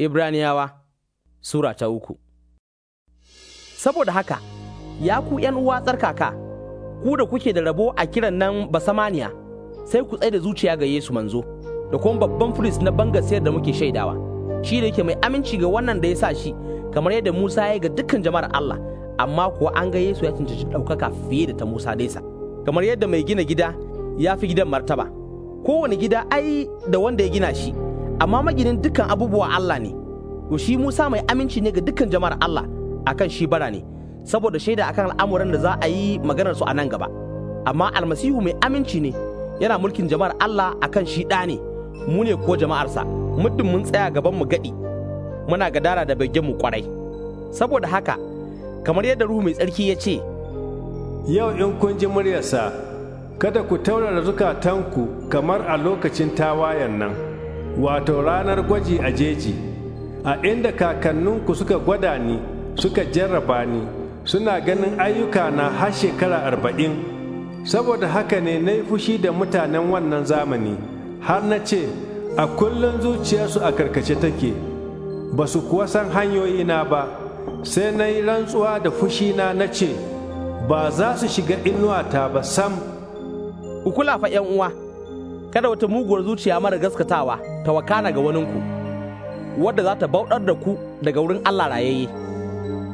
Ibraniyawa Sura ta uku Saboda haka, ya ku uwa tsarkaka, ku da kuke da rabo a kiran nan basamaniya, sai ku tsaye da zuciya ga Yesu manzo, da kuma babban firist na bangasiyar da muke shaidawa, shi da yake mai aminci ga wannan da ya sa shi, kamar yadda Musa ya ga dukkan jama'ar Allah, amma kuwa an ga Yesu ya cancanci ɗaukaka fiye da ta Musa daisa. Kamar yadda mai gina gida ya fi gidan martaba, kowane gida ai da wanda ya gina shi. amma maginin dukan abubuwa Allah ne to shi Musa mai aminci ne ga dukan jama'ar Allah akan shi bara ne saboda shaida akan al'amuran da za a yi maganar su a nan gaba amma almasihu mai aminci ne yana mulkin jama'ar Allah akan shi ɗa ne mu ne ko jama'arsa muddin mun tsaya gaban mu gadi muna gadara da begen mu kwarai saboda haka kamar yadda ruhu mai tsarki ya ce yau in kun ji muryarsa kada ku taurara zukatanku kamar a lokacin tawayan nan wato ranar gwaji a jeji a inda kakanninku suka gwada ni suka jarraba ni suna ganin ayyuka na har shekara arba'in saboda haka ne na yi fushi da mutanen wannan zamani har na ce a kullum zuciyarsu a karkace take ba su kuwa san hanyoyi na ba sai na yi rantsuwa da fushi na ce ba za su shiga inuwata ba sam. Ukula fa uwa. kada wata muguwar zuciya mara gaskatawa ta wakana ga waninku wadda za ta bauɗar da ku daga wurin Allah rayayye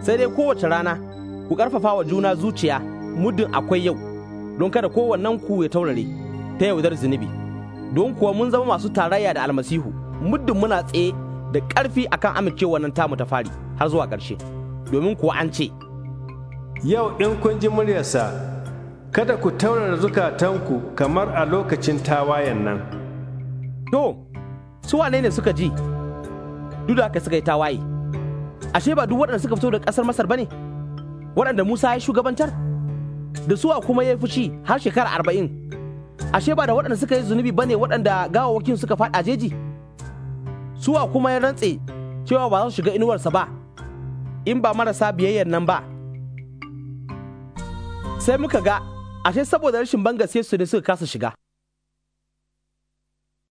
sai dai kowace rana ku ƙarfafa wa juna zuciya muddin akwai yau don kada kowannen ku ya taurare ta yaudar zunubi don kuwa mun zama masu tarayya da almasihu muddin muna tsaye da ƙarfi akan amincewa nan tamu ta fari har zuwa ƙarshe domin kuwa an ce yau in kun ji muryarsa kada ku taurara zukatanku kamar a lokacin tawayen nan. To, su wane ne suka ji? Duk da suka yi tawaye. Ashe ba duk waɗanda suka fito da ƙasar Masar ba ne? Waɗanda Musa ya shugabantar? Da suwa kuma ya yi fushi har shekara arba'in. Ashe ba da waɗanda suka yi zunubi ba ne waɗanda gawawakin suka faɗa jeji? Suwa kuma ya rantse cewa ba za su shiga inuwarsa ba, in ba marasa biyayyar nan ba. Sai muka ga ashe saboda rashin banga sai su ne suka kasa shiga